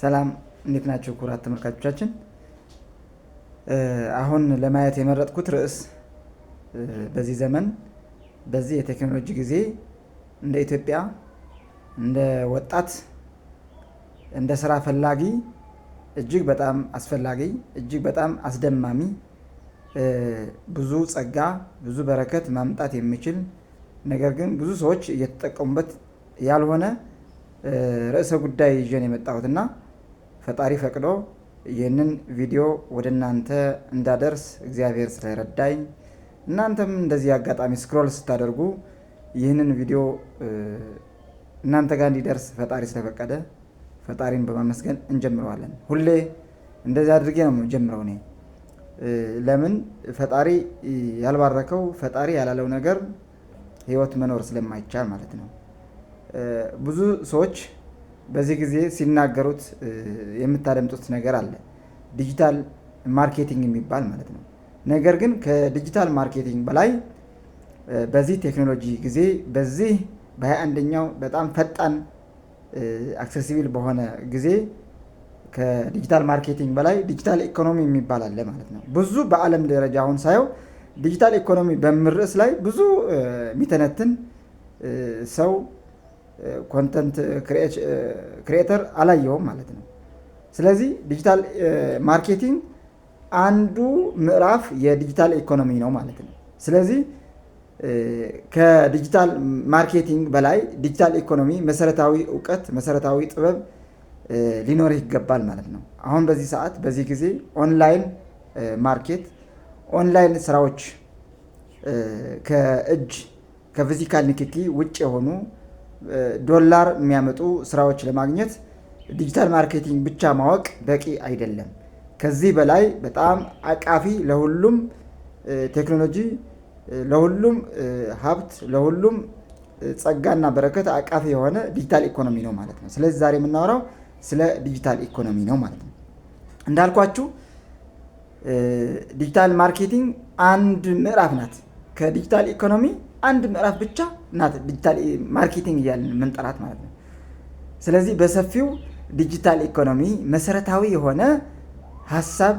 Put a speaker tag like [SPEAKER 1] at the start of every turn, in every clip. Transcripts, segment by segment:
[SPEAKER 1] ሰላም እንዴት ናቸው ኩራት ተመልካቾቻችን። አሁን ለማየት የመረጥኩት ርዕስ በዚህ ዘመን በዚህ የቴክኖሎጂ ጊዜ እንደ ኢትዮጵያ እንደ ወጣት እንደ ስራ ፈላጊ እጅግ በጣም አስፈላጊ እጅግ በጣም አስደማሚ ብዙ ጸጋ ብዙ በረከት ማምጣት የሚችል ነገር ግን ብዙ ሰዎች እየተጠቀሙበት ያልሆነ ርዕሰ ጉዳይ የመጣሁት የመጣሁትና ፈጣሪ ፈቅዶ ይህንን ቪዲዮ ወደ እናንተ እንዳደርስ እግዚአብሔር ስለረዳኝ እናንተም እንደዚህ አጋጣሚ ስክሮል ስታደርጉ ይህንን ቪዲዮ እናንተ ጋር እንዲደርስ ፈጣሪ ስለፈቀደ ፈጣሪን በማመስገን እንጀምረዋለን። ሁሌ እንደዚህ አድርጌ ነው ጀምረው እኔ ለምን ፈጣሪ ያልባረከው ፈጣሪ ያላለው ነገር ህይወት መኖር ስለማይቻል ማለት ነው። ብዙ ሰዎች በዚህ ጊዜ ሲናገሩት የምታደምጡት ነገር አለ። ዲጂታል ማርኬቲንግ የሚባል ማለት ነው። ነገር ግን ከዲጂታል ማርኬቲንግ በላይ በዚህ ቴክኖሎጂ ጊዜ በዚህ በሀያ አንደኛው በጣም ፈጣን አክሰሲብል በሆነ ጊዜ ከዲጂታል ማርኬቲንግ በላይ ዲጂታል ኢኮኖሚ የሚባል አለ ማለት ነው። ብዙ በዓለም ደረጃ አሁን ሳየው ዲጂታል ኢኮኖሚ በሚል ርዕስ ላይ ብዙ የሚተነትን ሰው ኮንተንት ክሪኤተር አላየውም ማለት ነው። ስለዚህ ዲጂታል ማርኬቲንግ eh, አንዱ ምዕራፍ የዲጂታል ኢኮኖሚ ነው ማለት ነው። ስለዚህ eh, ከዲጂታል ማርኬቲንግ በላይ ዲጂታል ኢኮኖሚ መሰረታዊ እውቀት፣ መሰረታዊ ጥበብ eh, ሊኖርህ ይገባል ማለት ነው። አሁን በዚህ ሰዓት በዚህ ጊዜ ኦንላይን ማርኬት፣ ኦንላይን ስራዎች ከእጅ ከፊዚካል ንክኪ ውጭ የሆኑ ዶላር የሚያመጡ ስራዎች ለማግኘት ዲጂታል ማርኬቲንግ ብቻ ማወቅ በቂ አይደለም። ከዚህ በላይ በጣም አቃፊ ለሁሉም ቴክኖሎጂ፣ ለሁሉም ሀብት፣ ለሁሉም ጸጋና በረከት አቃፊ የሆነ ዲጂታል ኢኮኖሚ ነው ማለት ነው። ስለዚህ ዛሬ የምናወራው ስለ ዲጂታል ኢኮኖሚ ነው ማለት ነው። እንዳልኳችሁ ዲጂታል ማርኬቲንግ አንድ ምዕራፍ ናት። ከዲጂታል ኢኮኖሚ አንድ ምዕራፍ ብቻ ናት ዲጂታል ማርኬቲንግ እያለን ምንጠራት ማለት ነው። ስለዚህ በሰፊው ዲጂታል ኢኮኖሚ መሰረታዊ የሆነ ሀሳብ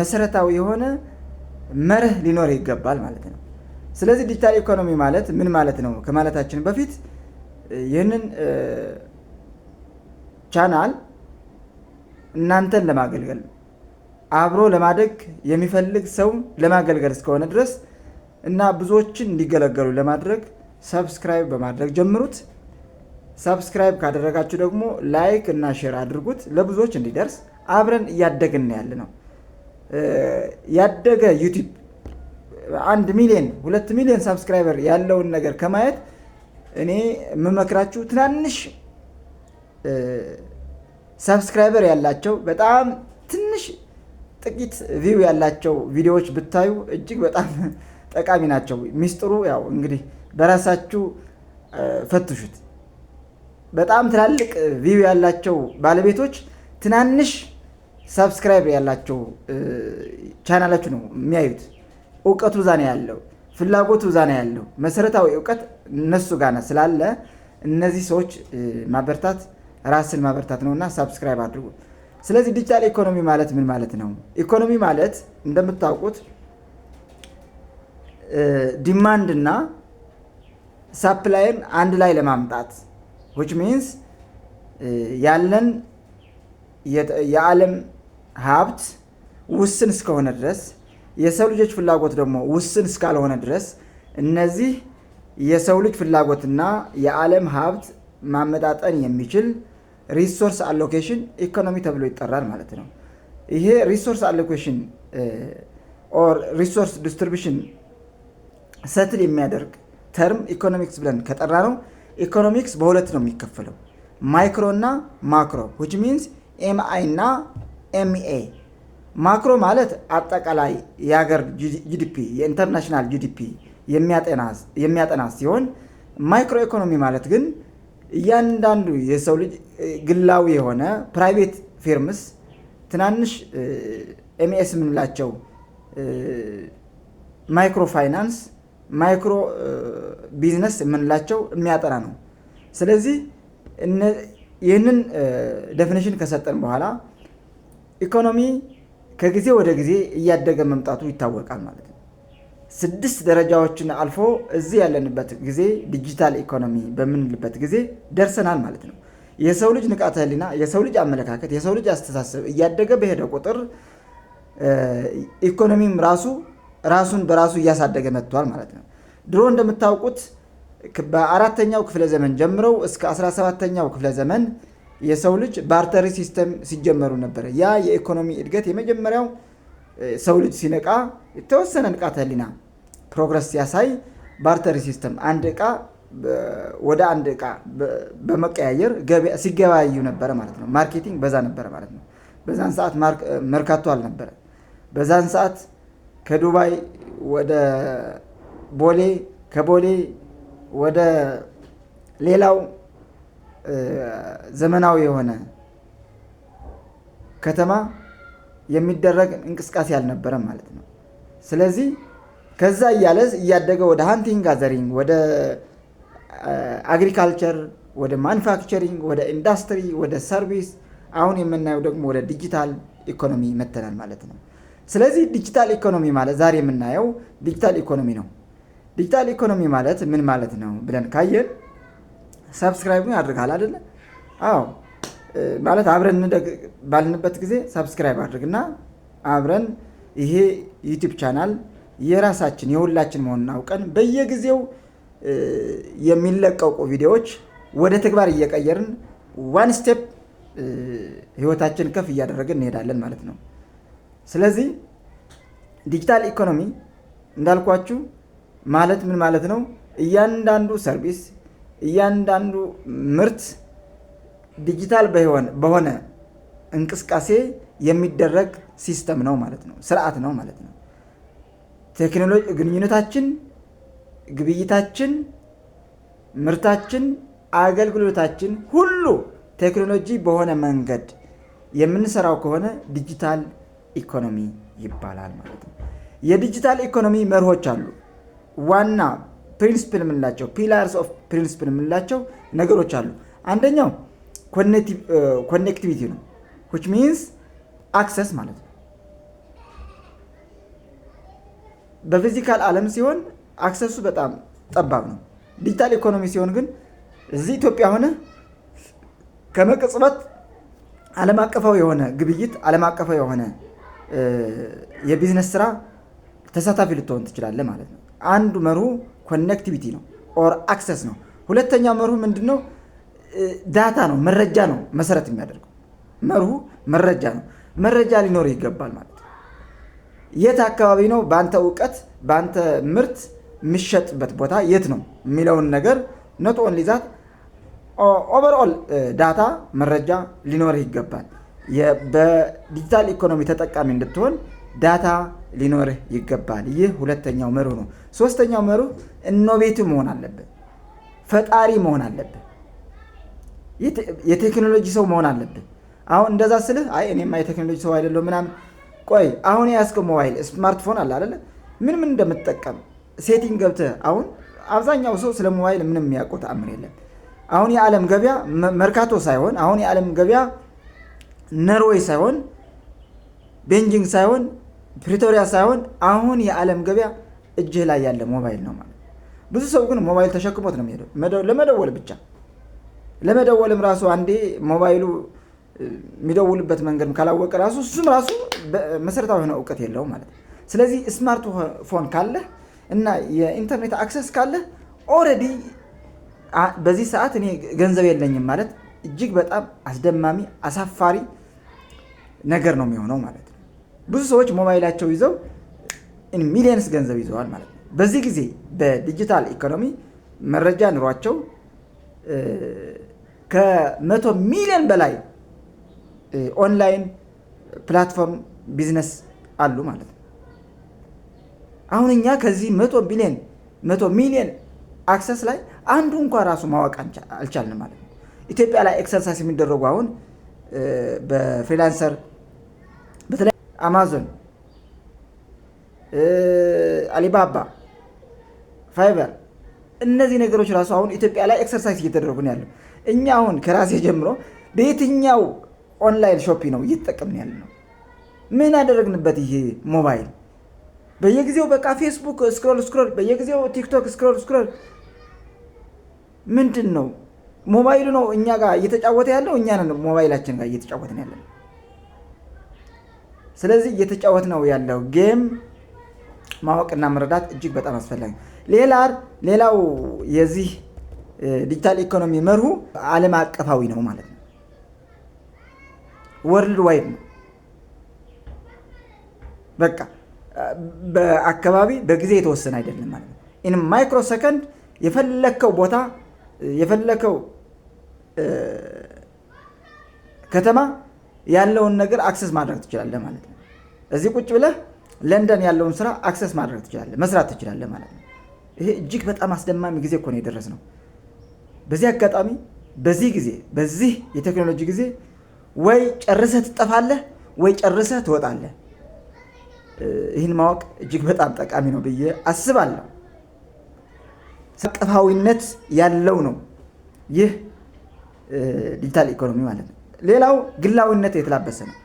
[SPEAKER 1] መሰረታዊ የሆነ መርህ ሊኖር ይገባል ማለት ነው። ስለዚህ ዲጂታል ኢኮኖሚ ማለት ምን ማለት ነው ከማለታችን በፊት ይህንን ቻናል እናንተን ለማገልገል አብሮ ለማደግ የሚፈልግ ሰው ለማገልገል እስከሆነ ድረስ እና ብዙዎችን እንዲገለገሉ ለማድረግ ሰብስክራይብ በማድረግ ጀምሩት። ሰብስክራይብ ካደረጋችሁ ደግሞ ላይክ እና ሼር አድርጉት ለብዙዎች እንዲደርስ አብረን እያደግን ያለ ነው። ያደገ ዩቲዩብ አንድ ሚሊዮን ሁለት ሚሊዮን ሰብስክራይበር ያለውን ነገር ከማየት እኔ የምመክራችሁ ትናንሽ ሰብስክራይበር ያላቸው በጣም ትንሽ ጥቂት ቪው ያላቸው ቪዲዮዎች ብታዩ እጅግ በጣም ጠቃሚ ናቸው። ሚስጥሩ ያው እንግዲህ በራሳችሁ ፈትሹት። በጣም ትላልቅ ቪው ያላቸው ባለቤቶች ትናንሽ ሰብስክራይብ ያላቸው ቻናላችሁ ነው የሚያዩት። እውቀቱ ዛ ነው ያለው፣ ፍላጎቱ ዛ ነው ያለው። መሰረታዊ እውቀት እነሱ ጋር ስላለ እነዚህ ሰዎች ማበርታት ራስን ማበርታት ነውና ሰብስክራይብ አድርጉ። ስለዚህ ዲጂታል ኢኮኖሚ ማለት ምን ማለት ነው? ኢኮኖሚ ማለት እንደምታውቁት እና ሳፕላይን አንድ ላይ ለማምጣት ዊች ሚንስ ያለን የዓለም ሀብት ውስን እስከሆነ ድረስ የሰው ልጆች ፍላጎት ደግሞ ውስን እስካልሆነ ድረስ እነዚህ የሰው ልጅ ፍላጎትና የዓለም ሀብት ማመጣጠን የሚችል ሪሶርስ አሎኬሽን ኢኮኖሚ ተብሎ ይጠራል ማለት ነው። ይሄ ሪሶርስ አሎኬሽን ኦር ሪሶርስ ዲስትሪቢሽን ሰትል የሚያደርግ ተርም ኢኮኖሚክስ ብለን ከጠራ ነው። ኢኮኖሚክስ በሁለት ነው የሚከፈለው ማይክሮ እና ማክሮ ዊች ሚንስ ኤምአይ እና ኤምኤ። ማክሮ ማለት አጠቃላይ የሀገር ጂዲፒ የኢንተርናሽናል ጂዲፒ የሚያጠና ሲሆን ማይክሮ ኢኮኖሚ ማለት ግን እያንዳንዱ የሰው ልጅ ግላዊ የሆነ ፕራይቬት ፊርምስ ትናንሽ ኤምኤስ የምንላቸው ማይክሮ ፋይናንስ ማይክሮ ቢዝነስ የምንላቸው የሚያጠና ነው። ስለዚህ ይህንን ደፊኒሽን ከሰጠን በኋላ ኢኮኖሚ ከጊዜ ወደ ጊዜ እያደገ መምጣቱ ይታወቃል ማለት ነው። ስድስት ደረጃዎችን አልፎ እዚህ ያለንበት ጊዜ ዲጂታል ኢኮኖሚ በምንልበት ጊዜ ደርሰናል ማለት ነው። የሰው ልጅ ንቃተ ህሊና፣ የሰው ልጅ አመለካከት፣ የሰው ልጅ አስተሳሰብ እያደገ በሄደ ቁጥር ኢኮኖሚም ራሱ ራሱን በራሱ እያሳደገ መጥቷል ማለት ነው። ድሮ እንደምታውቁት በአራተኛው ክፍለ ዘመን ጀምረው እስከ 17ተኛው ክፍለ ዘመን የሰው ልጅ ባርተሪ ሲስተም ሲጀመሩ ነበረ። ያ የኢኮኖሚ እድገት የመጀመሪያው ሰው ልጅ ሲነቃ የተወሰነ ንቃተ ህሊና ፕሮግረስ ሲያሳይ ባርተሪ ሲስተም አንድ እቃ ወደ አንድ እቃ በመቀያየር ሲገበያዩ ነበረ ማለት ነው። ማርኬቲንግ በዛ ነበረ ማለት ነው። በዛን ሰዓት መርካቶ አልነበረ። በዛን ሰዓት ከዱባይ ወደ ቦሌ ከቦሌ ወደ ሌላው ዘመናዊ የሆነ ከተማ የሚደረግ እንቅስቃሴ አልነበረም ማለት ነው። ስለዚህ ከዛ እያለ እያደገ ወደ ሃንቲንግ ጋዘሪንግ፣ ወደ አግሪካልቸር፣ ወደ ማኑፋክቸሪንግ፣ ወደ ኢንዱስትሪ፣ ወደ ሰርቪስ፣ አሁን የምናየው ደግሞ ወደ ዲጂታል ኢኮኖሚ መተናል ማለት ነው። ስለዚህ ዲጂታል ኢኮኖሚ ማለት ዛሬ የምናየው ዲጂታል ኢኮኖሚ ነው። ዲጂታል ኢኮኖሚ ማለት ምን ማለት ነው ብለን ካየን ሰብስክራይብ ያድርጋል አደለ? አዎ ማለት አብረን እንደግ ባልንበት ጊዜ ሰብስክራይብ አድርግና አብረን ይሄ ዩቲዩብ ቻናል የራሳችን የሁላችን መሆኑን አውቀን በየጊዜው የሚለቀቁ ቪዲዮዎች ወደ ተግባር እየቀየርን ዋን ስቴፕ ህይወታችን ከፍ እያደረግን እንሄዳለን ማለት ነው። ስለዚህ ዲጂታል ኢኮኖሚ እንዳልኳችሁ ማለት ምን ማለት ነው? እያንዳንዱ ሰርቪስ፣ እያንዳንዱ ምርት ዲጂታል በሆነ እንቅስቃሴ የሚደረግ ሲስተም ነው ማለት ነው፣ ስርዓት ነው ማለት ነው። ቴክኖሎጂ ግንኙነታችን፣ ግብይታችን፣ ምርታችን፣ አገልግሎታችን ሁሉ ቴክኖሎጂ በሆነ መንገድ የምንሰራው ከሆነ ዲጂታል ኢኮኖሚ ይባላል ማለት ነው። የዲጂታል ኢኮኖሚ መርሆች አሉ። ዋና ፕሪንስፕል የምንላቸው ፒላርስ ኦፍ ፕሪንስፕል የምንላቸው ነገሮች አሉ። አንደኛው ኮኔክቲቪቲ ነው፣ ዊች ሚንስ አክሰስ ማለት ነው። በፊዚካል ዓለም ሲሆን አክሰሱ በጣም ጠባብ ነው። ዲጂታል ኢኮኖሚ ሲሆን ግን እዚህ ኢትዮጵያ ሆነ ከመቅጽበት ዓለም አቀፋዊ የሆነ ግብይት ዓለም አቀፋዊ የሆነ የቢዝነስ ስራ ተሳታፊ ልትሆን ትችላለህ ማለት ነው። አንዱ መርሁ ኮኔክቲቪቲ ነው ኦር አክሰስ ነው። ሁለተኛው መርሁ ምንድን ነው? ዳታ ነው፣ መረጃ ነው መሰረት የሚያደርገው መርሁ መረጃ ነው። መረጃ ሊኖር ይገባል ማለት ነው። የት አካባቢ ነው በአንተ እውቀት በአንተ ምርት የሚሸጥበት ቦታ የት ነው የሚለውን ነገር ነጥቦን ሊዛት ኦቨርኦል ዳታ መረጃ ሊኖር ይገባል። በዲጂታል ኢኮኖሚ ተጠቃሚ እንድትሆን ዳታ ሊኖርህ ይገባል። ይህ ሁለተኛው መሩ ነው። ሶስተኛው መሩ ኢኖቬቲቭ መሆን አለብህ። ፈጣሪ መሆን አለብህ። የቴክኖሎጂ ሰው መሆን አለብህ። አሁን እንደዛ ስልህ አይ እኔማ የቴክኖሎጂ ሰው አይደለሁ ምናምን። ቆይ አሁን የያዝከው ሞባይል ስማርትፎን አለ አይደለ? ምን ምን እንደምትጠቀም ሴቲንግ ገብተህ አሁን አብዛኛው ሰው ስለ ሞባይል ምንም የሚያውቀው ተአምር የለም። አሁን የዓለም ገበያ መርካቶ ሳይሆን አሁን የዓለም ገበያ ኖርዌይ ሳይሆን ቤንጂንግ ሳይሆን ፕሪቶሪያ ሳይሆን አሁን የዓለም ገበያ እጅህ ላይ ያለ ሞባይል ነው ማለት። ብዙ ሰው ግን ሞባይል ተሸክሞት ነው የሚሄደው ለመደወል ብቻ። ለመደወልም ራሱ አንዴ ሞባይሉ የሚደውልበት መንገድ ካላወቀ ራሱ እሱም ራሱ መሰረታዊ የሆነ እውቀት የለውም ማለት ነው። ስለዚህ ስማርት ፎን ካለህ እና የኢንተርኔት አክሰስ ካለህ ኦልሬዲ በዚህ ሰዓት እኔ ገንዘብ የለኝም ማለት እጅግ በጣም አስደማሚ አሳፋሪ ነገር ነው የሚሆነው ማለት ነው። ብዙ ሰዎች ሞባይላቸው ይዘው ሚሊየንስ ገንዘብ ይዘዋል ማለት ነው። በዚህ ጊዜ በዲጂታል ኢኮኖሚ መረጃ ኑሯቸው ከመቶ ሚሊዮን በላይ ኦንላይን ፕላትፎርም ቢዝነስ አሉ ማለት ነው። አሁን እኛ ከዚህ መቶ ቢሊዮን መቶ ሚሊዮን አክሰስ ላይ አንዱ እንኳ ራሱ ማወቅ አልቻልንም ማለት ነው። ኢትዮጵያ ላይ ኤክሰርሳይዝ የሚደረጉ አሁን በፍሪላንሰር አማዞን፣ አሊባባ፣ ፋይበር እነዚህ ነገሮች ራሱ አሁን ኢትዮጵያ ላይ ኤክሰርሳይዝ እየተደረጉ ነው ያለው። እኛ አሁን ከራሴ ጀምሮ በየትኛው ኦንላይን ሾፒ ነው እየተጠቀምን ያለ ነው? ምን አደረግንበት? ይሄ ሞባይል በየጊዜው በቃ ፌስቡክ ስክሮል ስክሮል፣ በየጊዜው ቲክቶክ ስክሮል ስክሮል። ምንድን ነው ሞባይሉ ነው እኛ ጋር እየተጫወተ ያለው? እኛ ሞባይላችን ጋር እየተጫወትን ያለ ነው። ስለዚህ እየተጫወት ነው ያለው ጌም ማወቅና መረዳት እጅግ በጣም አስፈላጊ። ሌላ ሌላው የዚህ ዲጂታል ኢኮኖሚ መርሁ ዓለም አቀፋዊ ነው ማለት ነው። ወርልድ ዋይድ ነው። በቃ በአካባቢ በጊዜ የተወሰነ አይደለም ማለት ነው። ኢን ማይክሮ ሰከንድ የፈለከው ቦታ የፈለከው ከተማ ያለውን ነገር አክሰስ ማድረግ ትችላለህ ማለት ነው። እዚህ ቁጭ ብለህ ለንደን ያለውን ስራ አክሰስ ማድረግ ትችላለህ፣ መስራት ትችላለህ ማለት ነው። ይሄ እጅግ በጣም አስደማሚ ጊዜ እኮ ነው የደረስነው። በዚህ አጋጣሚ፣ በዚህ ጊዜ፣ በዚህ የቴክኖሎጂ ጊዜ ወይ ጨርሰህ ትጠፋለህ ወይ ጨርሰህ ትወጣለህ። ይህን ማወቅ እጅግ በጣም ጠቃሚ ነው ብዬ አስባለሁ። ሰቀፋዊነት ያለው ነው ይህ ዲጂታል ኢኮኖሚ ማለት ነው። ሌላው ግላዊነት የተላበሰ ነው።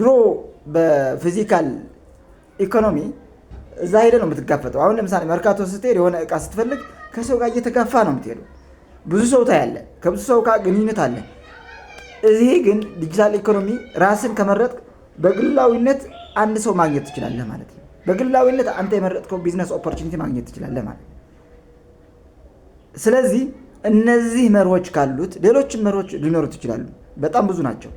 [SPEAKER 1] ድሮ በፊዚካል ኢኮኖሚ እዛ ሄደ ነው የምትጋፈጠው። አሁን ለምሳሌ መርካቶ ስትሄድ የሆነ እቃ ስትፈልግ ከሰው ጋር እየተጋፋ ነው የምትሄደው። ብዙ ሰው ታያለ፣ ከብዙ ሰው ጋር ግንኙነት አለ። እዚህ ግን ዲጂታል ኢኮኖሚ ራስን ከመረጥ በግላዊነት አንድ ሰው ማግኘት ትችላለህ ማለት ነው። በግላዊነት አንተ የመረጥከው ቢዝነስ ኦፖርቹኒቲ ማግኘት ትችላለህ ማለት ነው። ስለዚህ እነዚህ መርሆች ካሉት ሌሎችም መርሆች ሊኖሩት ይችላሉ። በጣም ብዙ ናቸው።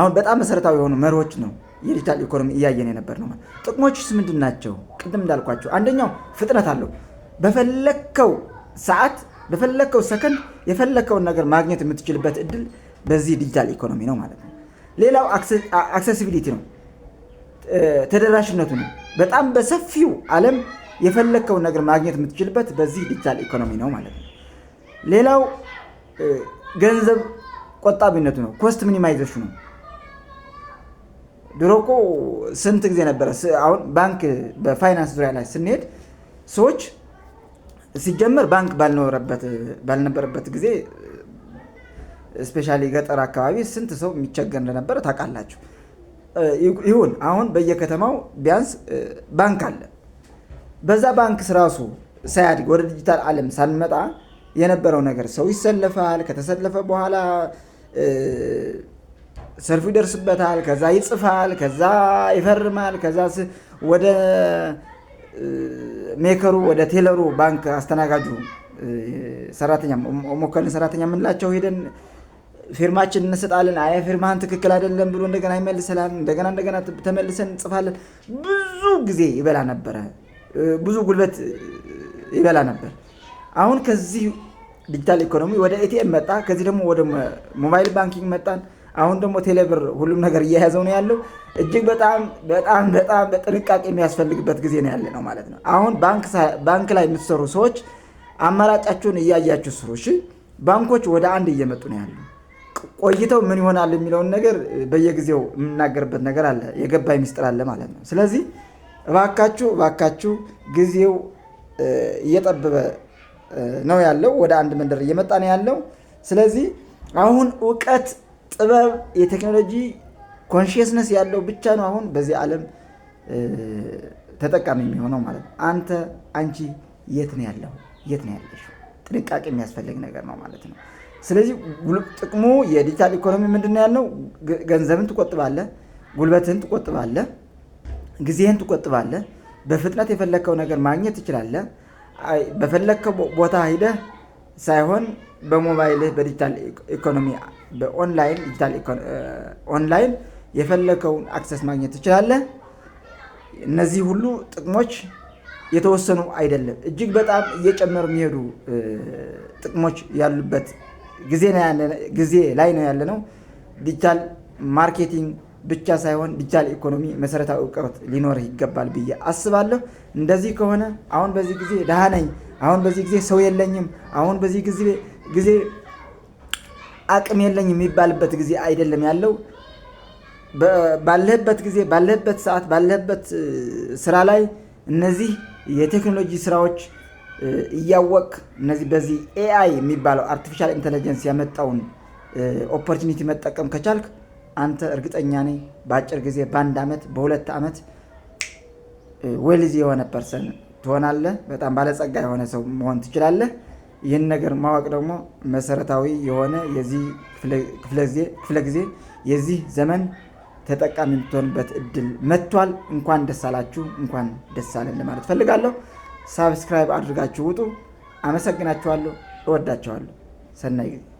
[SPEAKER 1] አሁን በጣም መሰረታዊ የሆኑ መርሆች ነው የዲጂታል ኢኮኖሚ እያየን የነበር ነው። ጥቅሞችስ ምንድን ናቸው? ቅድም እንዳልኳቸው አንደኛው ፍጥነት አለው። በፈለግከው ሰዓት በፈለግከው ሰከንድ የፈለግከውን ነገር ማግኘት የምትችልበት እድል በዚህ ዲጂታል ኢኮኖሚ ነው ማለት ነው። ሌላው አክሴሲቢሊቲ ነው፣ ተደራሽነቱ ነው። በጣም በሰፊው ዓለም የፈለግከውን ነገር ማግኘት የምትችልበት በዚህ ዲጂታል ኢኮኖሚ ነው ማለት ነው። ሌላው ገንዘብ ቆጣቢነቱ ነው፣ ኮስት ሚኒማይዜሽኑ ነው። ድሮ እኮ ስንት ጊዜ ነበረ። አሁን ባንክ በፋይናንስ ዙሪያ ላይ ስንሄድ ሰዎች ሲጀመር ባንክ ባልነበረበት ጊዜ እስፔሻሊ ገጠር አካባቢ ስንት ሰው የሚቸገር እንደነበረ ታውቃላችሁ። ይሁን አሁን በየከተማው ቢያንስ ባንክ አለ። በዛ ባንክ ስራሱ ሳያድግ ወደ ዲጂታል ዓለም ሳንመጣ የነበረው ነገር ሰው ይሰለፋል። ከተሰለፈ በኋላ ሰልፉ ይደርስበታል። ከዛ ይጽፋል፣ ከዛ ይፈርማል። ከዛ ወደ ሜከሩ ወደ ቴለሩ ባንክ አስተናጋጁ ሰራተኛ ሞከልን ሰራተኛ የምንላቸው ሄደን ፊርማችን እንሰጣለን። አይ ፊርማህን ትክክል አይደለም ብሎ እንደገና ይመልሰላል። እንደገና እንደገና ተመልሰን እንጽፋለን። ብዙ ጊዜ ይበላ ነበረ፣ ብዙ ጉልበት ይበላ ነበር። አሁን ከዚህ ዲጂታል ኢኮኖሚ ወደ ኤቲኤም መጣ። ከዚህ ደግሞ ወደ ሞባይል ባንኪንግ መጣን። አሁን ደግሞ ቴሌብር ሁሉም ነገር እየያዘው ነው ያለው። እጅግ በጣም በጣም በጣም በጥንቃቄ የሚያስፈልግበት ጊዜ ነው ያለ ነው ማለት ነው። አሁን ባንክ ላይ የምትሰሩ ሰዎች አማራጫችሁን እያያችሁ ስሩ። እሺ፣ ባንኮች ወደ አንድ እየመጡ ነው ያሉ። ቆይተው ምን ይሆናል የሚለውን ነገር በየጊዜው የምናገርበት ነገር አለ፣ የገባይ ሚስጥር አለ ማለት ነው። ስለዚህ እባካችሁ እባካችሁ ጊዜው እየጠበበ ነው ያለው፣ ወደ አንድ መንደር እየመጣ ነው ያለው። ስለዚህ አሁን እውቀት ጥበብ የቴክኖሎጂ ኮንሽየስነስ ያለው ብቻ ነው አሁን በዚህ ዓለም ተጠቃሚ የሚሆነው ማለት ነው። አንተ አንቺ የት ነው ያለው የት ነው ያለሽ ጥንቃቄ የሚያስፈልግ ነገር ነው ማለት ነው። ስለዚህ ጥቅሙ የዲጂታል ኢኮኖሚ ምንድን ነው ያልነው? ገንዘብን ትቆጥባለህ፣ ጉልበትህን ትቆጥባለህ፣ ጊዜህን ትቆጥባለህ። በፍጥነት የፈለግከው ነገር ማግኘት ትችላለህ። በፈለግከው ቦታ ሂደህ ሳይሆን በሞባይልህ በዲጂታል ኢኮኖሚ በኦንላይን ዲጂታል ኦንላይን የፈለከውን አክሰስ ማግኘት ትችላለህ። እነዚህ ሁሉ ጥቅሞች የተወሰኑ አይደለም እጅግ በጣም እየጨመሩ የሚሄዱ ጥቅሞች ያሉበት ጊዜ ላይ ነው ያለነው። ዲጂታል ማርኬቲንግ ብቻ ሳይሆን ዲጂታል ኢኮኖሚ መሰረታዊ እውቀት ሊኖር ይገባል ብዬ አስባለሁ። እንደዚህ ከሆነ አሁን በዚህ ጊዜ ደሃ ነኝ፣ አሁን በዚህ ጊዜ ሰው የለኝም፣ አሁን በዚህ ጊዜ ጊዜ አቅም የለኝ የሚባልበት ጊዜ አይደለም ያለው። ባለህበት ጊዜ ባለህበት ሰዓት ባለህበት ስራ ላይ እነዚህ የቴክኖሎጂ ስራዎች እያወቅ እነዚህ በዚህ ኤአይ የሚባለው አርቲፊሻል ኢንቴሊጀንስ ያመጣውን ኦፖርቹኒቲ መጠቀም ከቻልክ አንተ እርግጠኛ ነኝ በአጭር ጊዜ በአንድ ዓመት በሁለት ዓመት ዌልዚ የሆነ ፐርሰን ትሆናለህ። በጣም ባለጸጋ የሆነ ሰው መሆን ትችላለህ። ይህን ነገር ማወቅ ደግሞ መሰረታዊ የሆነ የዚህ ክፍለ ጊዜ የዚህ ዘመን ተጠቃሚ የምትሆንበት እድል መጥቷል። እንኳን ደስ አላችሁ፣ እንኳን ደስ አለን ለማለት ፈልጋለሁ። ሳብስክራይብ አድርጋችሁ ውጡ። አመሰግናችኋለሁ። እወዳችኋለሁ። ሰናይ ጊዜ